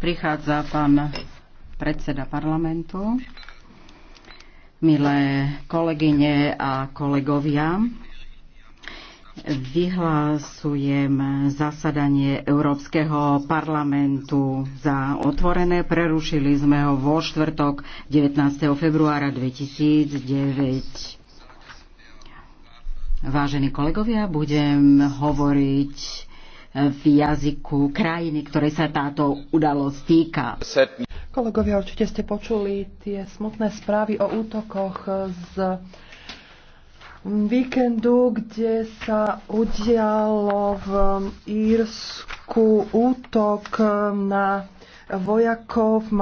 Prichádza pán predseda parlamentu. Milé kolegyne a kolegovia, Vyhlásujem zasadanie Európskeho parlamentu za otvorené. Prerušili sme ho vo štvrtok 19. februára 2009. Vážení kolegovia, budem hovoriť v jazyku krajiny, ktoré sa táto udalosť týka. Kolegovia, určite ste počuli tie smutné správy o útokoch z víkendu, kde sa udialo v Írsku útok na vojakov v